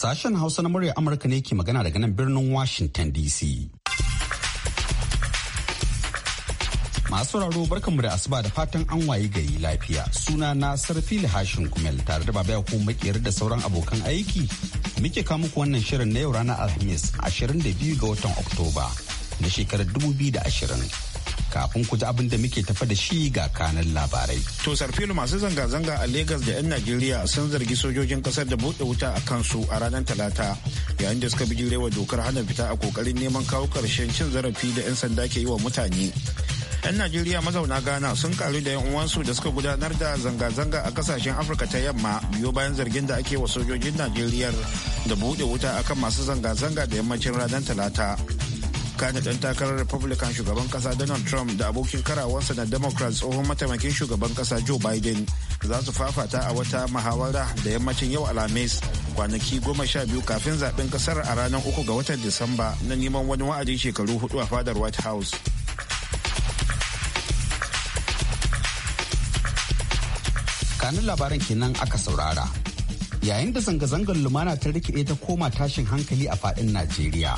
Sashen Hausa na murya Amurka ne ke magana daga nan birnin Washington DC. Masu raro barkanmu da asuba da fatan an wayi gari lafiya. Suna na Sarfili Hashin Kumel tare da babaya ko Makiyar da sauran abokan aiki. Muke kawo muku wannan shirin na yau ranar Alhamis 22 ga watan Oktoba na shekarar 2020. kafin ku ji abin da muke tafa da shi ga kanan labarai. To sarfilu masu zanga-zanga a Legas da 'yan Najeriya sun zargi sojojin kasar da buɗe wuta a kansu a ranar Talata yayin da suka wa dokar hana fita a kokarin neman kawo ƙarshen cin zarafi da 'yan sanda ke yi wa mutane. 'Yan Najeriya mazauna Ghana sun karu da 'yan uwansu da suka gudanar da zanga-zanga a kasashen Afirka ta yamma biyo bayan zargin da ake wa sojojin Najeriya da buɗe wuta akan masu zanga-zanga da yammacin ranar Talata. kana dan takarar republican shugaban kasa donald trump da abokin karawansa na democrat tsohon mataimakin shugaban kasa joe biden za su fafata a wata muhawara da yammacin yau alhamis kwanaki goma sha biyu kafin zaben kasar a ranar uku ga watan disamba na neman wani wa'adin shekaru hudu a fadar white house kanun labaran kenan aka saurara yayin da zanga-zangar lumana ta rikide ta koma tashin hankali a fadin najeriya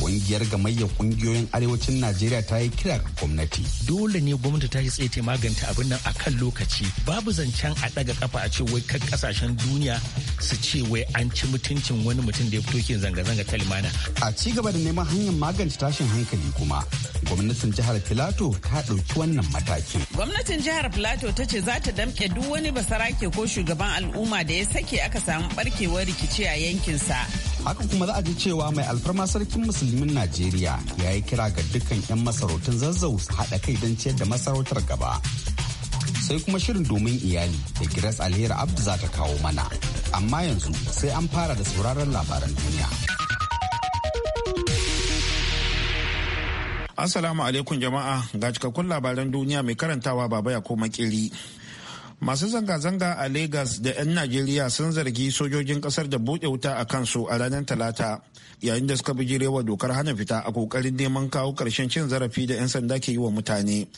Kungiyar gamayyar kungiyoyin arewacin Najeriya ta yi kira ga gwamnati. Dole ne gwamnati ta yi tsaye magance maganta abin nan a kan lokaci. Babu zancen a ɗaga kafa a ce wai kan ƙasashen duniya su ce wai an ci mutuncin wani mutum da ya fito ke zanga-zanga ta limana. A ci gaba da neman hanyar magance tashin hankali kuma gwamnatin jihar Filato ta ɗauki wannan mataki Gwamnatin jihar Filato ta ce za ta damƙe duk wani basarake ko shugaban al'umma da ya sake aka samu barkewar rikici a yankinsa. haka kuma za a ji cewa mai alfarma sarkin musulmin najeriya ya yi kira ga dukkan 'yan masarautun zazzau su haɗa kai don ciyar da masarautar gaba sai kuma shirin domin iyali da giras alheri abdu za ta kawo mana amma yanzu sai an fara da sauraron labaran duniya assalamu alaikum jama'a ga cikakkun labaran duniya mai karantawa baba ya koma kiri masu zanga-zanga a Legas da 'yan najeriya sun zargi sojojin kasar da buɗe wuta a kansu a ranar talata yayin da suka bijirewa dokar hana fita a kokarin neman kawo ƙarshen cin zarafi da 'yan sanda ke yi wa mutane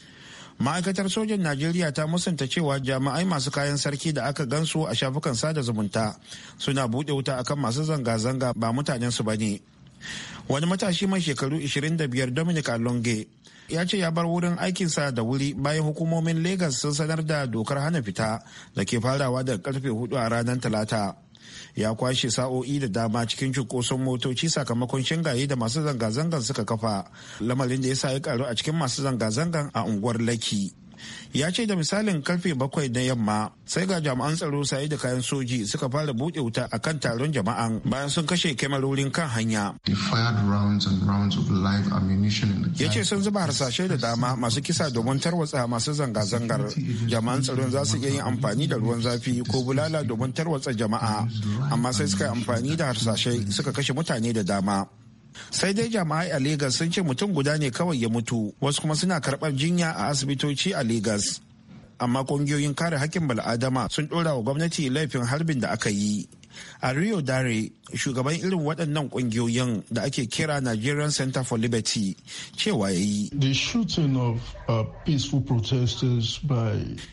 ma'aikatar sojan najeriya ta musanta cewa jami'ai masu kayan sarki da aka gansu a shafukan sada zumunta suna buɗe wuta akan masu zanga-zanga ba mutanensu ba ne wani matashi mai shekaru 25 dominic alonge ya ce ya bar wurin aikinsa da wuri bayan hukumomin Legas sun sanar da dokar hana fita da ke farawa daga karfe hudu a ranar Talata. Ya kwashe sa'o'i da dama cikin cunkoson motoci sakamakon shingaye da masu zanga zangan suka kafa, lamarin da ya sa ya karu a cikin masu zanga zangan a unguwar Laki. ya ce da misalin karfe bakwai na yamma sai ga jami'an tsaro saye da kayan soji suka fara buɗe wuta a kan taron jama'an bayan sun kashe kyamarorin kan hanya ya ce sun zuba harsashe da dama masu kisa domin tarwatsa masu zanga-zangar jama'an tsaron za su iya yin amfani da ruwan zafi ko bulala domin tarwatsa jama'a amma sai suka yi amfani da harsashe suka kashe mutane da dama sai dai jama'ai a Legas sun ce mutum guda ne kawai ya mutu wasu kuma suna karɓar jinya a asibitoci a Legas. Amma ƙungiyoyin kare hakkin bal'adama sun ɗora wa gwamnati laifin harbin da aka yi. a rio dare shugaban irin waɗannan ƙungiyoyin da ake kira nigerian center for liberty cewa ya yi uh,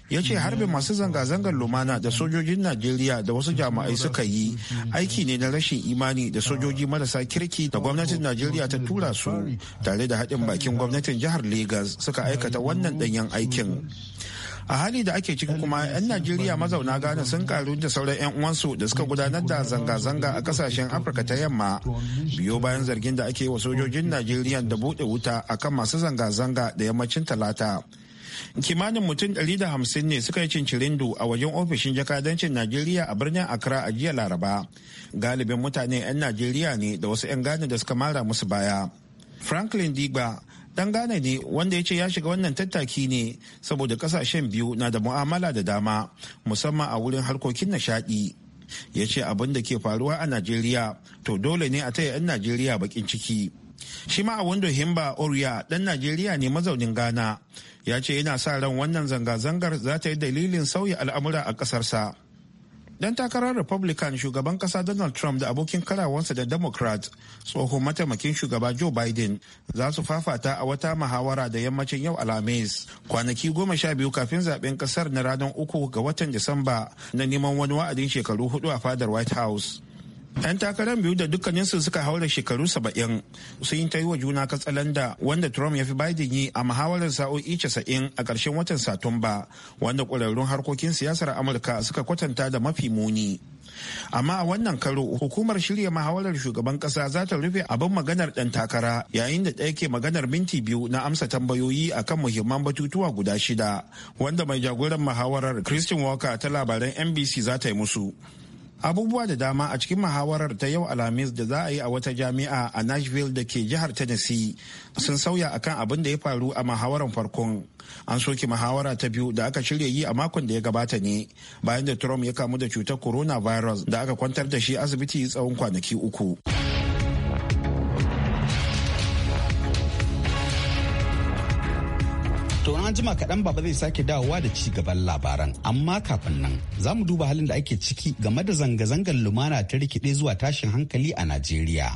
ya ce harbin masu zanga-zangar lumana da sojojin najeriya da wasu jama'ai suka yi aiki ne na rashin imani da sojoji marasa kirki da gwamnatin najeriya ta tura su tare da haɗin bakin gwamnatin jihar lagos suka aikata wannan ɗanyen aikin a hali da ake ciki kuma 'yan najeriya mazauna ghana sun karu da sauran 'yan uwansu da suka gudanar da zanga-zanga a kasashen afirka ta yamma biyo bayan zargin da ake wa sojojin najeriya da buɗe wuta akan masu zanga-zanga da yammacin talata kimanin mutum da hamsin ne suka yi cincirindu a wajen ofishin jakadancin najeriya a birnin accra a jiya laraba galibin mutane 'yan najeriya ne da wasu 'yan gane da suka mara musu baya franklin digba dan Ghana ne wanda ya ce ya shiga wannan tattaki ne saboda kasashen biyu na da mu'amala da dama musamman a wurin harkokin nishadi. Ya ce abin da ke faruwa a Najeriya to dole ne a taya 'yan Najeriya bakin ciki. Shi ma a wando Himba Oriya dan Najeriya ne mazaunin Ghana ya ce yana sa ran wannan zanga-zangar za ta yi dalilin sauya al'amura a ƙasarsa. Dan takarar Republican shugaban kasa Donald Trump da abokin karawansa da Democrat tsohon mataimakin shugaba Joe Biden za su fafata a wata mahawara da yammacin yau Alhamis kwanaki goma sha biyu kafin zaben kasar na ranar uku ga watan Disamba na neman wani wa'adin shekaru hudu a fadar White House. 'yan takarar biyu da dukkaninsu suka haura shekaru saba'in sun yi ta yi wa juna katsalanda wanda trump ya fi biden yi a muhawarar sa'o'i casa'in a ƙarshen watan satumba wanda ƙwararrun harkokin siyasar amurka suka kwatanta da mafi muni amma a wannan karo hukumar shirya muhawarar shugaban kasa za ta rufe abin maganar ɗan takara yayin da ɗaya ke maganar minti biyu na amsa tambayoyi a kan muhimman batutuwa guda shida wanda mai jagoran muhawarar christian walker ta labaran nbc za ta yi musu abubuwa da dama a cikin muhawarar ta yau alhamis da za a yi a wata jami'a a nashville da ke jihar tennessee sun sauya akan abin da ya faru a muhawarar farkon an soke muhawara ta biyu da aka shirya yi a makon da ya gabata ne bayan da trump ya kamu da cutar coronavirus da aka kwantar da shi asibiti tsawon kwanaki uku. an jima kaɗan baba zai sake dawowa da ci gaban labaran amma kafin nan za mu duba halin da ake ciki game da zanga-zangar lumana ta rikide zuwa tashin hankali a najeriya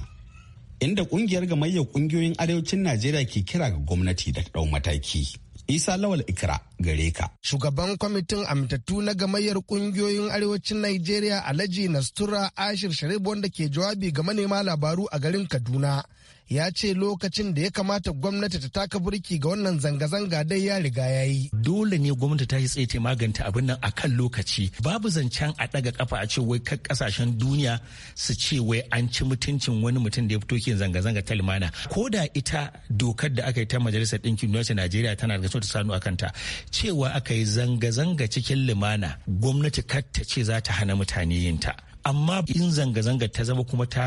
inda kungiyar gamayyar kungiyoyin arewacin najeriya ke kira ga gwamnati da ɗau mataki isa lawal ikra gare ka shugaban kwamitin amintattu na gamayyar kungiyoyin arewacin najeriya alhaji nastura ashir sharif wanda ke jawabi ga manema labaru a garin kaduna ya ce lokacin da ya kamata gwamnati ta taka burki ga wannan zanga-zanga dai ya riga ya yi. Dole ne gwamnati ta yi tsaye ta maganta abin nan a kan lokaci. Babu zancen a ɗaga kafa a ce wai kan ƙasashen duniya su ce wai an ci mutuncin wani mutum da ya fito kin zanga-zanga ta limana. Ko da ita dokar da aka yi ta Majalisar Ɗinkin Duniya Najeriya tana da ta sanu a kanta cewa aka yi zanga-zanga cikin limana gwamnati kar ta ce za ta hana mutane yin ta. amma in zanga-zanga ta zama kuma ta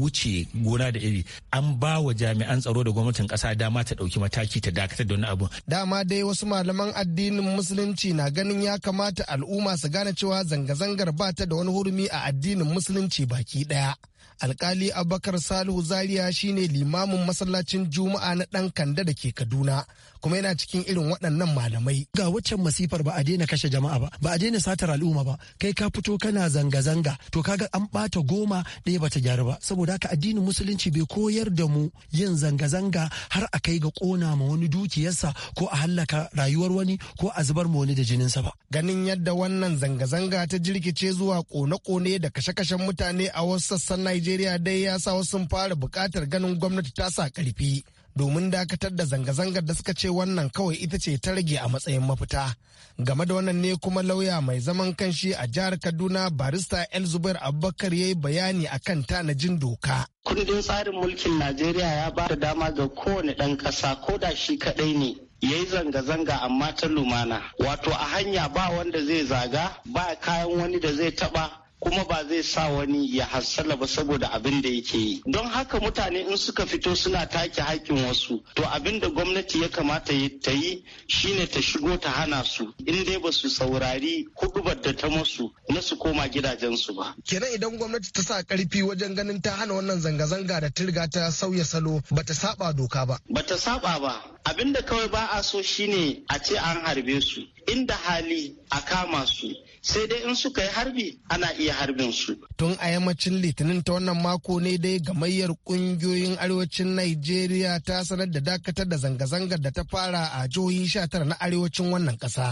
wuce gona da iri an ba wa jami'an tsaro da gwamnatin kasa dama ta dauki mataki ta dakatar da wani abu dama dai wasu malaman addinin musulunci na ganin ya kamata al'umma su gane cewa zanga-zangar ba ta da wani hurumi a addinin musulunci baki daya alkali abubakar salihu zariya shine limamin masallacin juma'a na dan kanda da ke kaduna kuma yana cikin irin waɗannan malamai ga waccan masifar ba a daina kashe jama'a ba ba a daina satar al'umma ba kai ka fito kana zanga-zanga to kaga an ɓata goma ɗaya bata gyaru ba saboda haka addinin musulunci bai koyar da mu yin zanga-zanga har a kai ga kona ma wani dukiyarsa ko a hallaka rayuwar wani ko a zubar ma wani da jininsa ba ganin yadda wannan zanga-zanga ta jirkice zuwa kone-kone da kashe-kashen mutane a wasu sassan Najeriya dai ya sa wasu fara bukatar ganin gwamnati ta sa karfi. domin dakatar da zanga-zangar da suka ce wannan kawai ita ce ta rage a matsayin mafita. Game da wannan ne kuma lauya mai zaman kanshi a jihar Kaduna barista Elzubair Abubakar ya yi bayani a kan tanajin doka. Kundin tsarin mulkin Najeriya ya ba da dama ga kowane ɗan kasa ko da shi kaɗai ne ya yi zanga-zanga amma ta lumana wato a hanya ba wanda zai zaga ba kayan wani da zai taɓa?" kuma ba zai sa wani ya hassala ba saboda abin da yake yi don haka mutane in suka fito suna take hakkin wasu to abin da gwamnati ya kamata ta yi shine ta shigo ta hana su in dai ba su saurari hudubar da ta musu na su koma gidajensu ba kenan idan gwamnati ta sa karfi wajen ganin ta hana wannan zanga-zanga da tirga ta sauya salo ba ta saba doka ba Ba ta saba ba abin da kawai ba a so shine a ce an harbe su inda hali a kama su sai dai in suka yi harbi ana iya harbin su. Tun a yammacin litinin ta wannan mako ne dai gamayyar kungiyoyin arewacin Najeriya ta sanar da dakatar da zanga-zangar da ta fara a jihohi 19 na arewacin wannan ƙasa.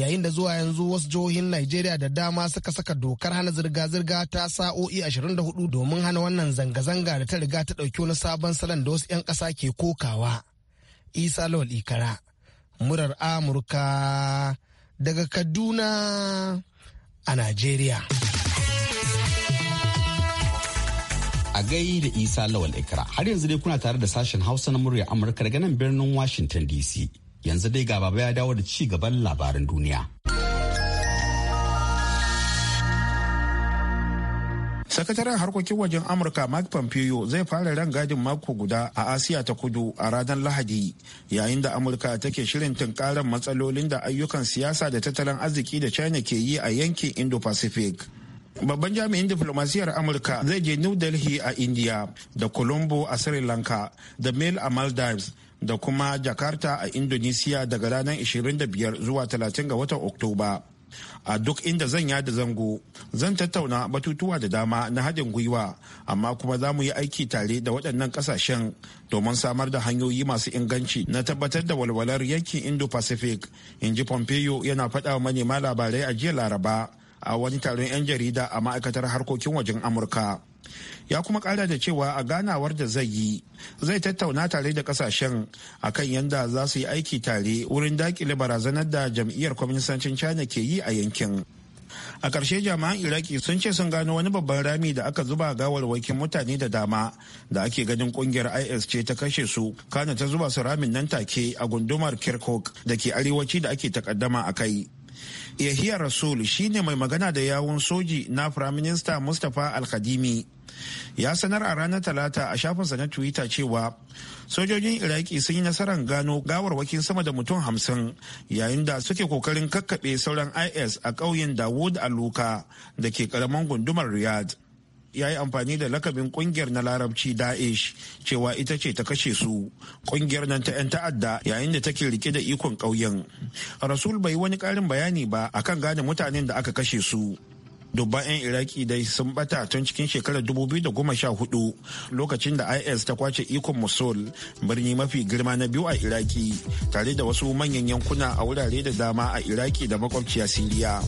yayin da zuwa yanzu wasu jihohin Najeriya da dama suka saka dokar hana zirga-zirga ta sa'o'i 24 domin hana wannan zanga-zanga da ta riga ta ɗauki wani sabon salon da wasu 'yan ƙasa ke kokawa. Isa Lawal Ikara, murar Amurka daga Kaduna a Najeriya. A gai da Isa Lawal Ikra har yanzu dai kuna tare da sashen Hausa na murya Amurka daga nan birnin Washington DC. Yanzu dai ga baba ya dawo da ci gaban labaran duniya. sakataren harkokin wajen amurka mike pompeo zai fara ran gadin mako guda a asiya ta kudu a ranar lahadi yayin da amurka take shirin tunkarar matsalolin da ayyukan siyasa da tattalin arziki da china ke yi a yankin indo-pacific babban jami'in diplomasiyyar amurka zai je new delhi a india da colombo a sri lanka da mail a maldives da kuma jakarta a indonesia daga ranar 25 zuwa 30 ga watan oktoba a duk inda zan yada zango zan tattauna batutuwa da dama na haɗin gwiwa amma kuma za mu yi aiki tare da waɗannan ƙasashen domin samar da hanyoyi masu inganci na tabbatar da walwalar yankin indo-pacific in ji pompeo yana faɗa manema labarai a jiya laraba a wani taron 'yan jarida a ma'aikatar harkokin wajen amurka ya kuma kara da cewa a ganawar da zai yi zai tattauna tare da kasashen a kan yadda za su yi aiki tare wurin dakile barazanar da jam'iyyar kwaminisancin china ke yi a yankin a ƙarshe jami'an iraki sun ce sun gano wani babban rami da aka zuba gawarwakin mutane da dama da ake ganin ƙungiyar is ce ta kashe su kana ta zuba su ramin nan take a gundumar kirkuk da ke arewaci da ake takaddama a kai yahiya rasul shine mai magana da yawun soji na firaminista mustapha alkadimi ya sanar a ranar talata a shafinsa na twitter cewa sojojin iraki sun yi nasarar gano gawarwakin sama da mutum hamsin yayin da suke kokarin kakkaɓe sauran is a ƙauyen dawood aluka da ke ƙaramin gundumar riyadh ya yi amfani da lakabin kungiyar na larabci daesh cewa ita ce ta kashe su kungiyar nan ta 'yan ta'adda yayin da take rike da ikon ƙauyen rasul bai wani ƙarin bayani ba akan gane mutanen da aka kashe su dubban 'yan iraki dai sun bata tun cikin shekarar 2014 lokacin da is ta kwace ikon musul birni mafi girma na biyu a iraki tare da wasu manyan yankuna a wurare da dama a iraki da makwabciya siriya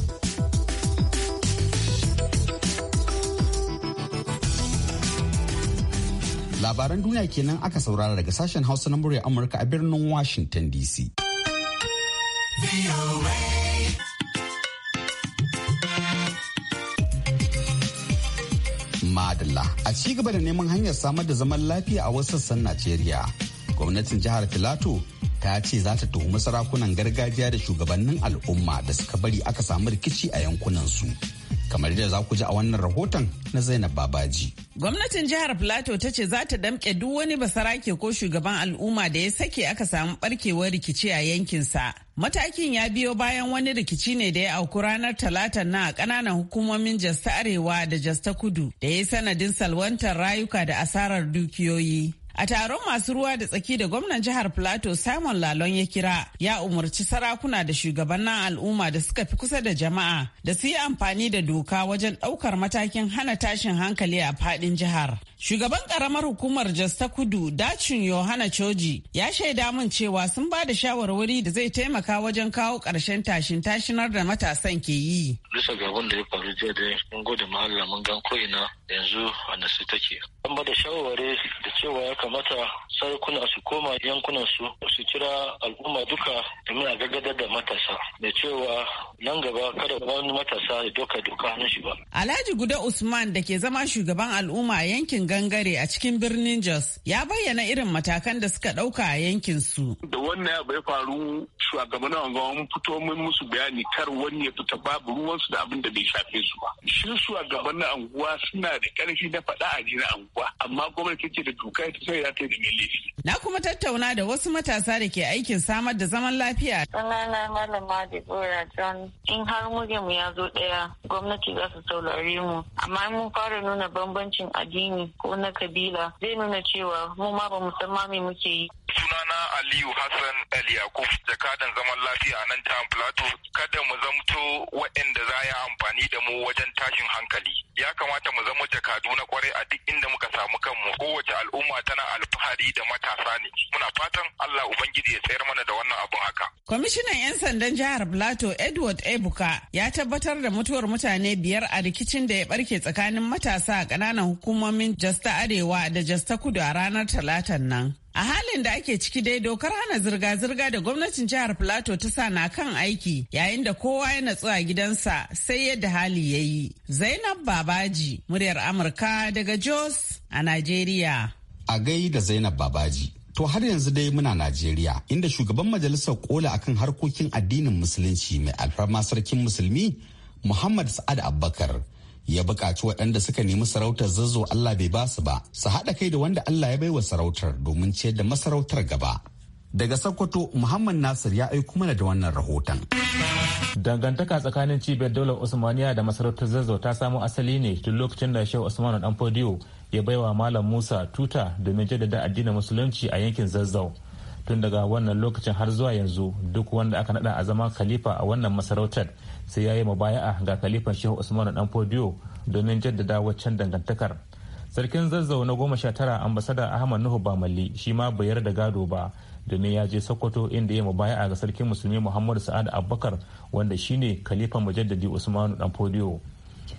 Labaran duniya kenan aka saurara daga sashen Hausa na murya Amurka a birnin Washington DC. Madalla a ci gaba da neman hanyar samar da zaman lafiya a wasu sassan Najeriya. Gwamnatin jihar Filato ta ce za ta tuhumi sarakunan gargajiya da shugabannin al'umma da suka bari aka samu rikici a yankunan su. kamar yadda za ku ji a wannan rahoton na Zainab Babaji. Gwamnatin jihar Plateau ta ce za ta damƙe duk wani basarake ko shugaban al'umma da ya sake aka samu barkewar rikici a yankinsa. Matakin ya biyo bayan wani rikici ne da ya auku ranar talata na ƙananan hukumomin Jasta Arewa da Jasta Kudu da ya sanadin salwantar rayuka da asarar dukiyoyi. A taron masu ruwa da tsaki da gwamnan jihar Plateau Simon Lalon ya kira ya umarci sarakuna da shugabannin al'umma da suka fi kusa da jama'a da su yi amfani da doka wajen ɗaukar matakin hana tashin hankali a fadin jihar. Shugaban ƙaramar hukumar Jos ta Kudu Dacin Yohana Choji ya shaida min cewa sun ba da shawarwari da zai taimaka wajen kawo ƙarshen tashin tashinar da matasan ke yi. Bisa ga abin da ya faru jiya da mun gode ma mun gan ko'ina yanzu a nasu take. An ba da shawarwari da cewa ya kamata sarakuna su koma yankunan su su kira al'umma duka domin a gaggadar da matasa da cewa nan gaba kada wani matasa ya doka doka na shi ba. Alhaji Guda Usman da ke zama shugaban al'umma a yankin gangare a cikin birnin Jos ya bayyana irin matakan da suka dauka a yankin su. Da wannan abu ya faru shugaban wanga mun fito mun musu bayani kar wani ya fita babu ruwan su da abin da bai shafe su ba. Shin shugaban anguwa suna da ƙarfi na faɗa a na anguwa amma gwamnati ce da doka ita kawai za ta da laifi. Na kuma tattauna da wasu matasa da ke aikin samar da zaman lafiya. Sunana Malama Deborah John in har mu ya zo ɗaya gwamnati za su saurare mu amma mun fara nuna bambancin addini ko na kabila zai nuna cewa mu ma ba mu san ma muke yi. Sunana Aliyu Hassan El Yakub jakadan zaman lafiya a nan jihar Plateau kada mu zamto waɗanda za ya amfani da mu wajen tashin hankali. Ya kamata mu zama jakadu na kwarai a duk inda muka samu kanmu kowace al'umma tana muna alfahari da matasa ne muna fatan Allah ubangiji ya tsayar mana da wannan abun haka kwamishinan yan sandan jihar Plato Edward Ebuka ya tabbatar da mutuwar mutane biyar a rikicin da ya barke tsakanin matasa a ƙananan hukumomin Jasta Arewa da Jasta Kudu a ranar Talatan nan A halin da ake ciki dai dokar hana zirga-zirga da gwamnatin jihar Plateau ta sa na kan aiki yayin da kowa ya natsu a gidansa sai yadda hali ya yi. Zainab Babaji, muryar Amurka daga Jos a Najeriya. a gai da Zainab Babaji. To har yanzu dai muna Najeriya inda shugaban majalisar kola akan harkokin addinin musulunci mai alfarma sarkin musulmi Muhammad Sa'ad Abubakar ya bukaci waɗanda suka nemi sarautar zazzo Allah bai ba su ba su haɗa kai da wanda Allah ya baiwa sarautar domin ciyar da masarautar gaba. Daga Sokoto, Muhammad Nasir ya aiko mana da wannan rahoton. Dangantaka tsakanin cibiyar daular Usmaniya da masarautar zazzau ta samo asali ne tun lokacin da Shehu Usmanu Danfodiyo ya baiwa malam musa tuta domin jaddada addinin musulunci a yankin zazzau tun daga wannan lokacin har zuwa yanzu duk wanda aka nada a zama khalifa a wannan masarautar sai ya yi mabaya'a ga khalifan shehu usman dan fodiyo domin jaddada waccan dangantakar sarkin zazzau na goma sha tara ambasada ahmad nuhu bamalli shi ma bayar da gado ba domin ya je sokoto inda ya mabaya'a ga sarkin musulmi muhammadu sa'ad abubakar wanda shine khalifan mujaddadi usmanu dan fodiyo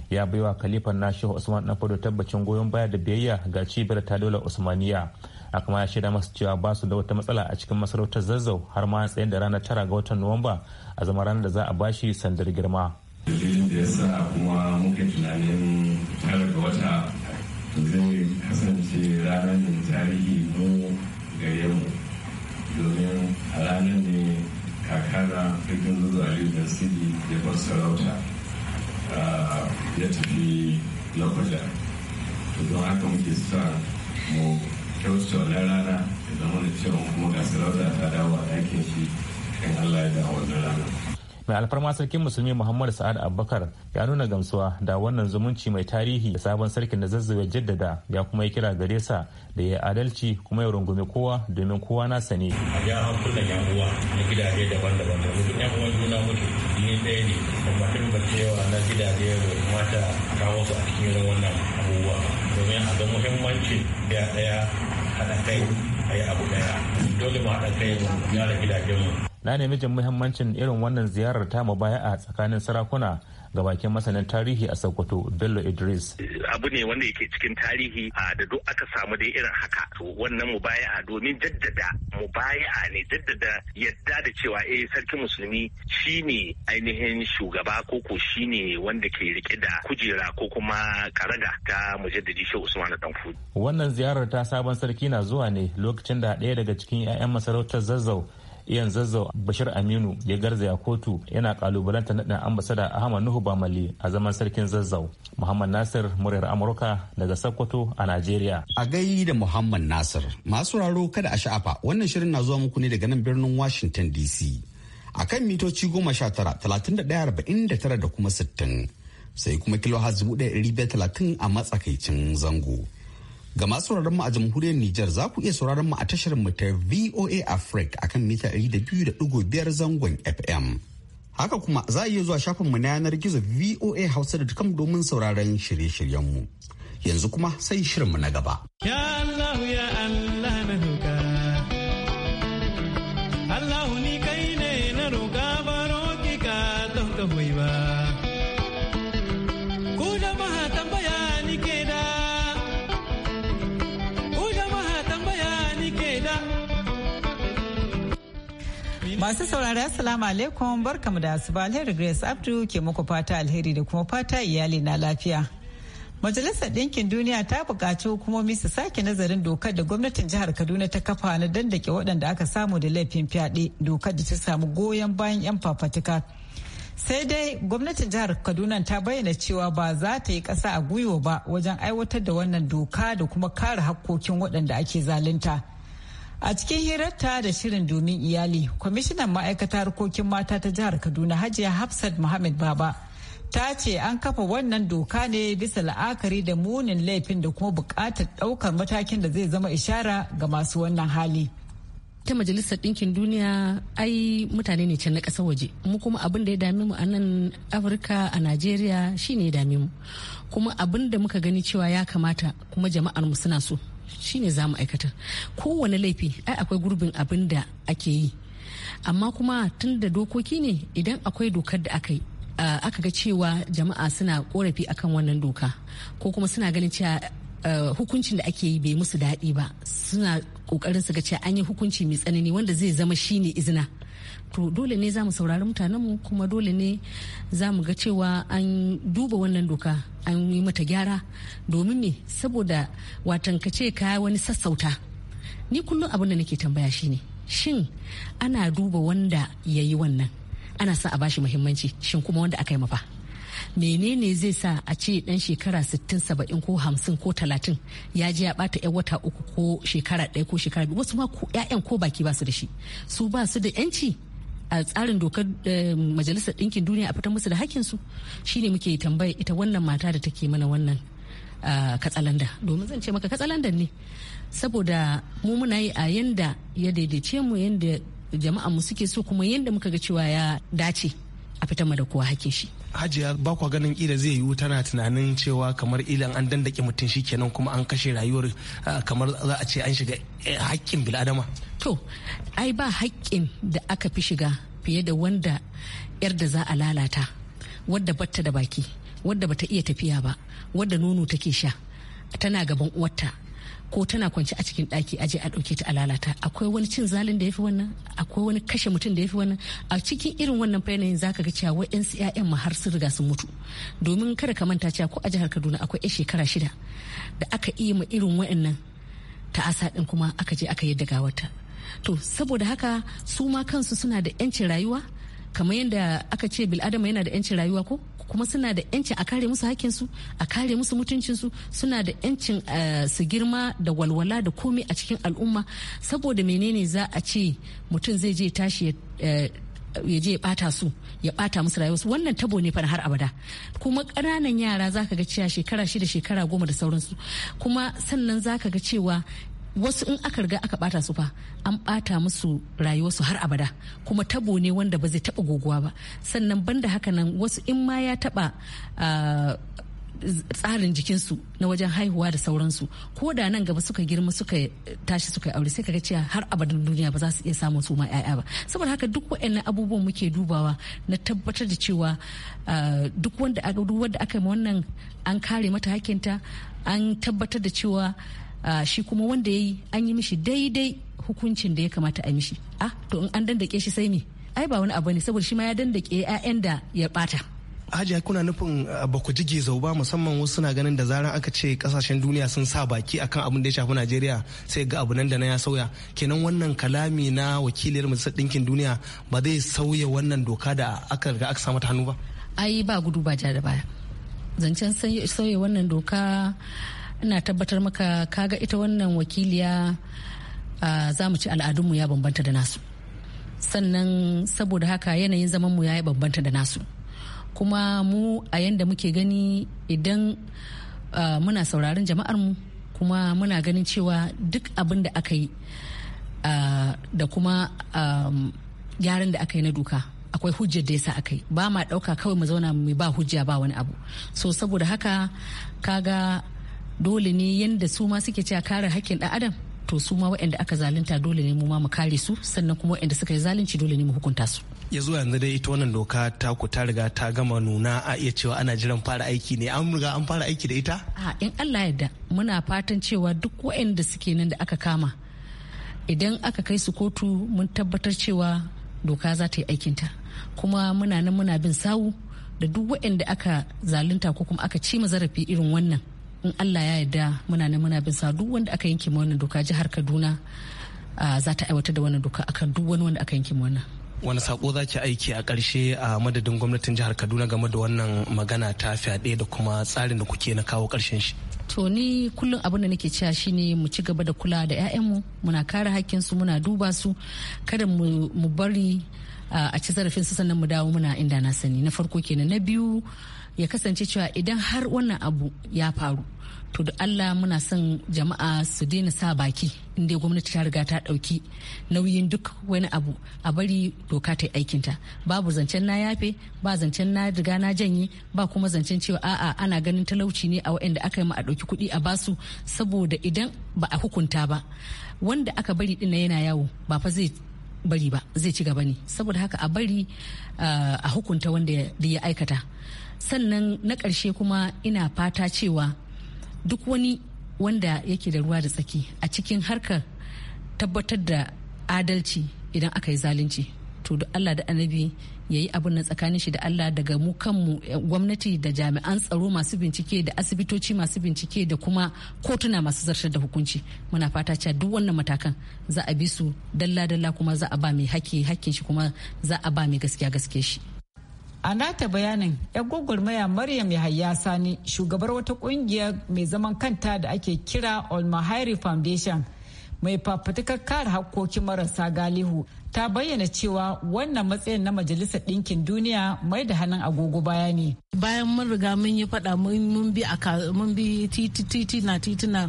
ya baiwa kalifan na shehu usman dan fado tabbacin goyon baya da biyayya ga cibiyar ta daular usmaniya a kuma ya shaida masu cewa ba su da wata matsala a cikin masarautar zazzau har ma tsayin da ranar tara ga watan nuwamba a zama ranar da za a bashi sandar girma dalilin da ya sa kuma muka tunanin tara ga wata zai kasance ranar tarihi mu gare mu domin a ranar ne kakana rikin zuwa a da sidi ya bar sarauta ya tafi lokaja to don haka muke sa mu kyauta wannan rana ya zama da cewa kuma ga sarauta ta dawo a ɗakin shi in allah ya da wannan rana mai alfarma sarkin musulmi muhammad sa'ad abubakar ya nuna gamsuwa da wannan zumunci mai tarihi da sabon sarkin da zazzabe jaddada ya kuma yi kira gare sa da ya adalci kuma ya rungume kowa domin kowa na sani a ja hankulan yan uwa na gidaje daban-daban da wasu yan uwan juna mutu ni ɗaya ne ta yawa na gidaje da mata kawo su a cikin wannan abubuwa domin a ga muhimmanci ya ɗaya haɗa kai a yi abu ɗaya dole mu haɗa kai mu gyara gidajenmu na nemi jin muhimmancin irin wannan ziyarar ta mu baya a tsakanin sarakuna ga bakin masanin tarihi a Sokoto Bello Idris. Abu ne wanda yake cikin tarihi a da duk aka samu dai irin haka to wannan baya'a domin jaddada mu mubaya'a ne jaddada yadda da cewa eh sarki musulmi shine ainihin shugaba ko ko shine wanda ke rike da kujera ko kuma karada ta mujaddidi Shehu Usman Danfodi. Wannan ziyarar ta sabon sarki na zuwa ne lokacin da ɗaya daga cikin 'ya'yan masarautar Zazzau iyan zazzau bashir aminu ya garzaya kotu yana kalubalanta naɗin ambasada ahmad nuhu bamali a zaman sarkin zazzau muhammad nasir muryar amurka daga sokoto a najeriya a gai da muhammad nasir masu raro kada a sha'afa wannan shirin na zuwa muku ne daga nan birnin washington dc a kan mitoci goma sha tara talatin da ɗaya arba'in da tara da kuma sittin sai kuma kilo hazi buɗe ɗari biyar talatin a matsakaicin zango. Ga masu sauraron mu a jamhuriyar Nijar za ku iya sauraron mu a tashar mu ta VOA Africa akan mita biyar zangon FM. Haka kuma za a iya zuwa shafin mu na yanar gizo VOA Hausa.com domin sauraron shirye-shiryen mu. Yanzu kuma sai shirin mu na gaba. Masu saurari salamu alaikum barkamu da ba alheri Grace Abdu ke muku fata alheri da kuma fata iyali na lafiya. Majalisar Ɗinkin Duniya ta buƙaci hukumomi su sake nazarin dokar da gwamnatin jihar Kaduna ta kafa na dandake waɗanda aka samu da laifin fyaɗe dokar da ta samu goyon bayan 'yan fafatuka. Sai dai gwamnatin jihar Kaduna ta bayyana cewa ba za ta yi ƙasa a gwiwa ba wajen aiwatar da wannan doka da kuma kare hakkokin waɗanda ake zalunta. A cikin hirarta da shirin domin iyali, kwamishinan ma'aikata harkokin mata ta jihar Kaduna Hajiya Hafsat Muhammad Baba ta ce an kafa wannan doka ne bisa la'akari da munin laifin da kuma bukatar ɗaukar matakin da zai zama ishara ga masu wannan hali. ta majalisar ɗinkin duniya ai mutane ne can na kasa waje mu kuma abin da ya dame mu a nan afirka a najeriya shine ya dame mu kuma abin da muka gani cewa ya kamata kuma jama'ar mu suna so Shi ne za mu aikata kowane laifi ai akwai gurbin abin da ake yi amma kuma tun da dokoki ne idan akwai dokar da aka yi aka ga cewa jama'a suna korafi akan wannan doka ko kuma suna ganin cewa hukuncin da ake yi bai musu daɗi ba suna ƙoƙarin su ga cewa an yi hukunci mai tsanani wanda zai zama shine izina to dole ne za mu saurari mutanenmu kuma dole ne za mu ga cewa an duba wannan doka an yi mata gyara domin ne saboda watan ka ce ka wani sassauta ni kullum abin da nake tambaya shine shin ana duba wanda ya yi wannan ana sa a bashi muhimmanci shin kuma wanda aka yi mafa menene zai sa a ce dan shekara 60 70 ko 50 ko 30 ya je ya bata yan wata uku ko shekara ɗaya ko shekara biyu wasu ma ƴaƴan ko baki ba su da shi su ba su da yanci a tsarin dokar eh, majalisar ɗinkin duniya a fitar musu da hakkin su shine muke tambaya ita wannan mata da take mana wannan katsalanda domin zan ce maka katsalandan ne saboda mu muna yi a yanda ya daidaice mu yanda jama'a mu suke so kuma yanda muka ga cewa ya dace a fitar ma da kowa hakin shi hajiya ba kwa ganin kila zai yiwu tana tunanin cewa kamar ilan an dandake mutum shi kenan kuma an kashe rayuwar ah, kamar za a ce an shiga eh, haƙƙin bil'adama to ai ba haƙƙin da aka fi shiga fiye da wanda yar da za a lalata wadda batta da baki wadda bata iya tafiya ba wadda nono take sha tana gaban uwarta ko tana kwance a cikin ɗaki aje a ɗauke ta a lalata akwai wani cin zalin da ya wannan akwai wani kashe mutum da yafi fi wannan a cikin irin wannan yanayin za ka ga cewa 'yan 'ya'yan ma har sun riga sun mutu domin kada ka manta cewa ko a jihar kaduna akwai 'yan shekara shida da aka iya ma irin wa'annan ta'asa ɗin kuma aka je aka yadda gawarta to saboda haka su ma kansu suna da 'yancin rayuwa kamar yadda aka ce bil'adama yana da 'yancin rayuwa ko kuma suna da yancin a kare musu su a kare musu mutuncinsu suna da yancin eh, su girma da walwala da komi a cikin al'umma saboda menene za a ce mutum zai je tashi eh, ya je ya bata su ya bata musu rayuwarsu wannan tabo ne fa har abada kuma ƙananan yara zaka ga cewa shekara shida shekara goma da sauransu kuma sannan zaka ga cewa wasu in aka riga aka bata su fa an bata musu rayuwarsu har abada kuma tabo ne wanda ba zai taba goguwa ba sannan banda haka nan wasu in ma ya taba ah, tsarin jikinsu na wajen haihuwa da sauransu ko da nan gaba suka girma suka tashi suka aure sai kaga cewa har abadan duniya ba za su iya samun su ma 'ya'ya ba saboda haka duk waɗannan abubuwan muke dubawa na tabbatar da cewa ah, duk wanda aka yi wannan an kare mata hakinta an tabbatar da cewa Ah, shi kuma wanda ya yi an yi mishi daidai hukuncin da ya kamata a mishi ah to in an dandake shi sai me ai ba wani abu ne saboda shi ma ya dandake 'ya'yan da ya bata Hajiya kuna nufin ah, ba ku ji gizo ba musamman wasu suna ganin da zaran aka ce kasashen duniya sun sa baki akan abin da ya shafi Najeriya sai ga abu nan da na ya sauya kenan wannan kalami na wakiliyar majalisar ɗinkin duniya ba zai sauya wannan doka da aka riga aka samu ta hannu ba. Ai ba gudu ba ja da baya. Zancen sauya wannan doka ina tabbatar maka kaga ita wannan wakiliya za mu ci al'adunmu ya bambanta da nasu sannan saboda haka yanayin zamanmu ya yi bambanta da nasu kuma mu a yanda muke gani idan muna sauraron jama'armu kuma muna ganin cewa duk abin da aka yi da kuma gyaran da aka yi na doka akwai hujjar da yasa aka yi ba ma ɗauka kawai mu zauna mu ba hujja ba wani abu so saboda haka kaga dole ne yadda su ma suke cewa kare hakkin ɗan adam to su ma waɗanda aka zalunta dole ne mu ma mu kare su sannan kuma waɗanda suka yi zalunci dole ne mu hukunta su ya zuwa yanzu dai ita wannan doka ta ku ta riga ta gama nuna a iya cewa ana jiran fara aiki ne an riga an fara aiki da ita a in Allah yadda muna fatan cewa duk waɗanda suke nan da aka kama idan aka kai su kotu mun tabbatar cewa doka za ta yi aikinta kuma muna nan muna bin sawu da duk waɗanda aka zalunta ko kuma aka ci zarafi irin wannan in allah ya yarda muna nan muna bin sa duk wanda aka yanke wannan doka jihar kaduna za ta aiwatar da wannan doka akan duk wani wanda aka yanke wannan wani sako za ki aiki a ƙarshe a madadin gwamnatin jihar kaduna game da wannan magana ta fyaɗe da kuma tsarin da kuke na kawo ƙarshen shi to ni kullum abin da nake cewa shine mu ci gaba da kula da mu muna kare su muna duba su kada mu bari a ci zarafin su sannan mu dawo muna inda na sani na farko kenan na biyu ya kasance cewa idan har wannan abu ya faru to da allah muna son jama'a su daina sa baki inda gwamnati ta riga ta dauki nauyin duk wani abu a bari doka ta aikinta babu zancen na yafe ba zancen na riga na janye ba kuma zancen cewa a'a ana ganin talauci ne a waanda aka yi ma a ɗauki kuɗi a basu saboda idan ba a hukunta ba wanda aka bari ɗin yana yawo ba fa zai bari ba zai ci gaba ne saboda haka a bari a hukunta wanda ya aikata sannan na ƙarshe kuma ina fata cewa duk wani wanda yake da ruwa da tsaki a cikin harkar tabbatar da adalci idan aka yi zalunci to da allah da annabi ya yi abin na tsakanin shi da allah daga mu kanmu eh, gwamnati da jami'an tsaro masu bincike da asibitoci masu bincike da kuma kotuna masu zartar da hukunci muna fata cewa duk wannan matakan za a bi su dalla-dalla kuma za a ba mai hakki hakkin shi kuma za a ba mai gaskiya gaske shi A nata bayanin, yar gwagwarmaya Maryam Yahaya Sani, shugabar wata kungiyar mai zaman kanta da ake kira Olmahiri Foundation, mai fafutukar kare hakkokin marasa galihu ta bayyana cewa wannan matsayin na majalisar ɗinkin duniya mai da hannun agogo baya ne bayan mun riga mun yi faɗa mun bi mun bi titi titina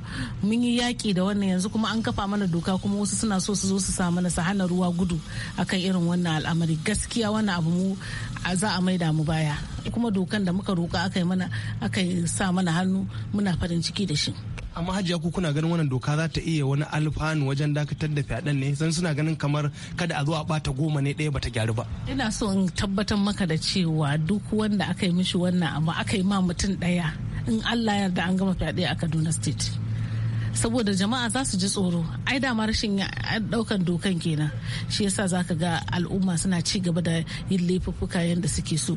mun yi yaƙi da wannan yanzu kuma an kafa mana doka kuma wasu suna so su zo su sa mana su hana ruwa gudu akan irin wannan al'amari gaskiya wannan abu mu za a maida mu baya kuma dokan da muka roka aka mana aka sa mana hannu muna farin ciki da shi amma hajiya ku kuna ganin wannan doka za ta iya wani alfanu wajen dakatar da fyaɗen ne san suna ganin kamar kada a zo a bata goma ne ɗaya bata gyaru ba ina so in tabbatar maka da cewa duk wanda aka yi mishi wannan amma aka yi ma mutum ɗaya in Allah yarda an gama fyaɗe a Kaduna state saboda jama'a za su ji tsoro ai da ma rashin daukan dokan kenan shi yasa zaka ga al'umma suna ci gaba da yin laifuffuka yadda suke so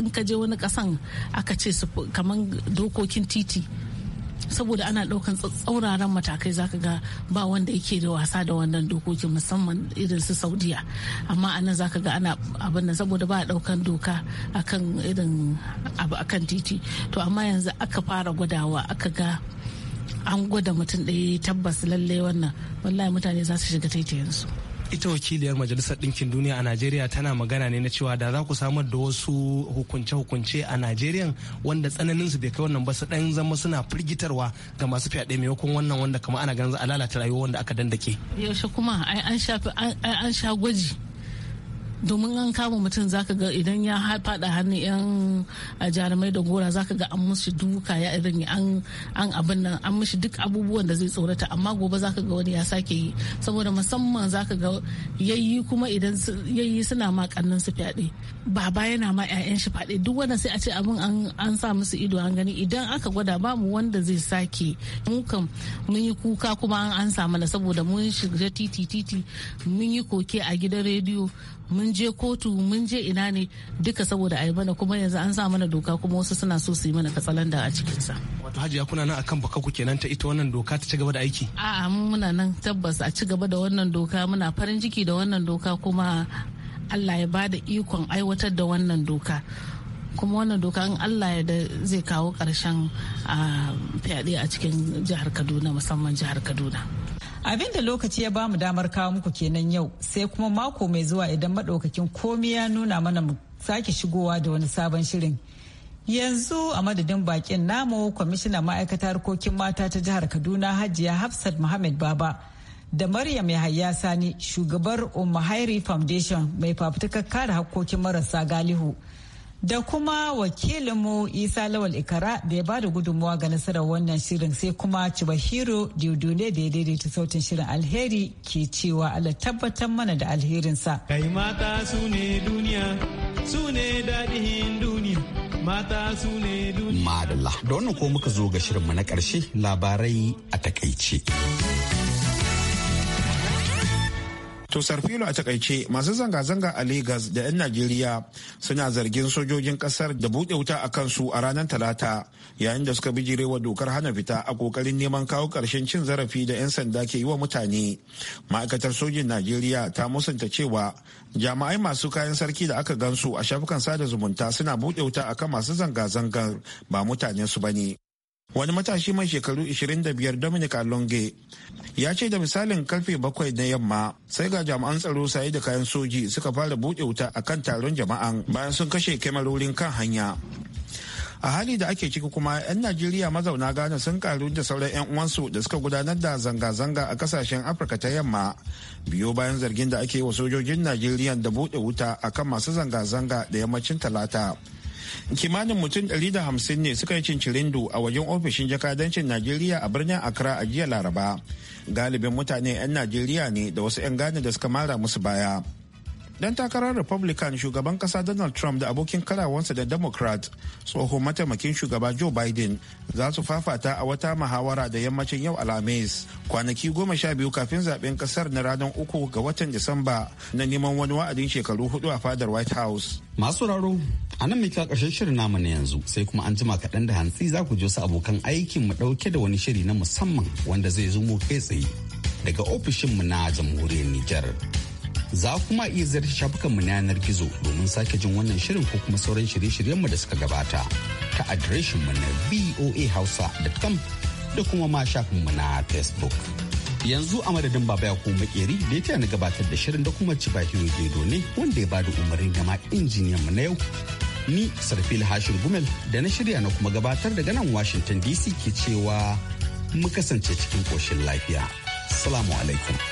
in ka je wani kasan aka ce kamar dokokin titi saboda ana ɗaukan tsauraran matakai zaka ga ba wanda yake da wasa da wannan dokoki musamman irin su saudiya amma a zaka ga ana abin nan saboda ba a ɗaukan doka akan irin abu akan titi to amma yanzu aka fara gwadawa aka ga an gwada mutum ɗaya tabbas lallai wannan wallahi mutane za su shiga su ita wakiliyar majalisar dinkin duniya a najeriya tana magana ne na cewa da za ku samar da wasu hukunce-hukunce a najeriya wanda tsananin su bai kai wannan ba su ɗan zama suna firgitarwa ga masu fyaɗe maimakon wannan wanda kama ana ganin za a lalata rayuwa wanda aka dandake yaushe kuma an sha gwaji domin an kama mutum zaka ga idan ya fada hannu yan jarumai da gora zaka ga an mushi duka ya irin an abin nan an mushi duk abubuwan da zai tsorata amma gobe zaka ga wani ya sake yi saboda musamman zaka ga yayi kuma idan yayi suna ma kannan su fyaɗe baba yana ma 'ya'yan shi fyaɗe duk wanda sai a ce abin an sa musu ido an gani idan aka gwada bamu wanda zai sake mu kam mun yi kuka kuma an an samu na saboda mun shiga titi titi mun yi koke a gidan rediyo mun je kotu mun je ina ne duka saboda a yi mana kuma yanzu an sa mana doka kuma wasu suna so su yi mana katsalanda a cikinsa. wato hajiya kuna nan akan baka ku kenan ta ita wannan doka ta ci gaba da aiki a'a mun muna nan tabbas a ci gaba da wannan doka muna farin ciki da wannan doka kuma Allah ya bada ikon aiwatar da wannan doka kuma wannan doka in Allah ya da zai kawo ƙarshen ah, fyaɗe a cikin jihar Kaduna musamman jihar Kaduna Abin da lokaci ya ba mu damar kawo muku kenan yau sai kuma mako mai zuwa idan maɗaukakin komi ya nuna mana mu sake shigowa da wani sabon shirin. Yanzu a madadin bakin namu kwamishina ma'aikatar harkokin mata ta jihar Kaduna Hajiya Hafsat Muhammad Baba da Maryam Yahaya Sani shugabar Umma Hairi Foundation mai fafutukar kare hakkokin marasa galihu. da kuma wakilinmu isa lawal ikara da ya bada gudunmuwa ga nasarar wannan shirin sai kuma cibahiro diodone da ya daidaita sautin shirin alheri ke cewa ala tabbatar mana da alherinsa kai mata su ne duniya su ne daɗin duniya mata su ne duniya madalla da wannan ko muka zo ga shirinmu na ƙarshe labarai a takaice To Sarfilo a takaice masu zanga-zanga a Legas da 'yan Najeriya suna zargin sojojin kasar da buɗe wuta a kansu a ranar Talata yayin da suka bijirewa dokar hana fita a kokarin neman kawo ƙarshen cin zarafi da 'yan sanda ke yi wa mutane. Ma'aikatar sojin Najeriya ta musanta cewa jami'ai masu kayan sarki da aka gansu a shafukan sada zumunta suna buɗe wuta akan masu zanga-zangar ba mutane su ne. wani matashi mai shekaru 25 dominic alonge ya ce da misalin karfe bakwai na yamma sai ga jami'an tsaro saye da kayan soji suka fara buɗe wuta a kan taron jama'an bayan sun kashe kyamarorin kan hanya a hali da ake ciki kuma 'yan najeriya mazauna ghana sun karu da sauran 'yan uwansu da suka gudanar da zanga-zanga a kasashen afirka ta yamma biyo bayan zargin da ake wa sojojin najeriya da buɗe wuta akan masu zanga-zanga da yammacin talata kimanin mutum 150 ne suka yi cincirindo a wajen ofishin jakadancin najeriya a birnin accra a jiya laraba galibin mutane 'yan najeriya ne da wasu 'yan gane da suka mara musu baya dan takarar republican shugaban kasa donald trump da abokin karawansa da democrat tsohon mataimakin shugaba joe biden za su fafata a wata muhawara da yammacin yau alhamis kwanaki goma sha biyu kafin zaben kasar na ranar uku ga watan disamba na neman wani wa'adin shekaru hudu a fadar white house masu raro A nan muka ƙarshen shirin namu na yanzu sai kuma an jima kaɗan da hantsi za ku ji wasu abokan aikin mu ɗauke da wani shiri na musamman wanda zai zo mu kai tsaye daga ofishinmu na jamhuriyar Nijar. Za kuma iya ziyarci shafukanmu na yanar gizo domin sake jin wannan shirin ko kuma sauran shirye-shiryenmu da suka gabata ta mu na voahausa.com da kuma ma shafinmu na Facebook. yanzu a madadin baba ya kuma makeri da ya na gabatar da shirin da kuma ci baki ne wanda ya bada umarnin gama injiniyan mu na yau ni sarfil hashir gumel da na shirya na kuma gabatar daga nan washington dc ke cewa mu kasance cikin koshin lafiya salamu alaikum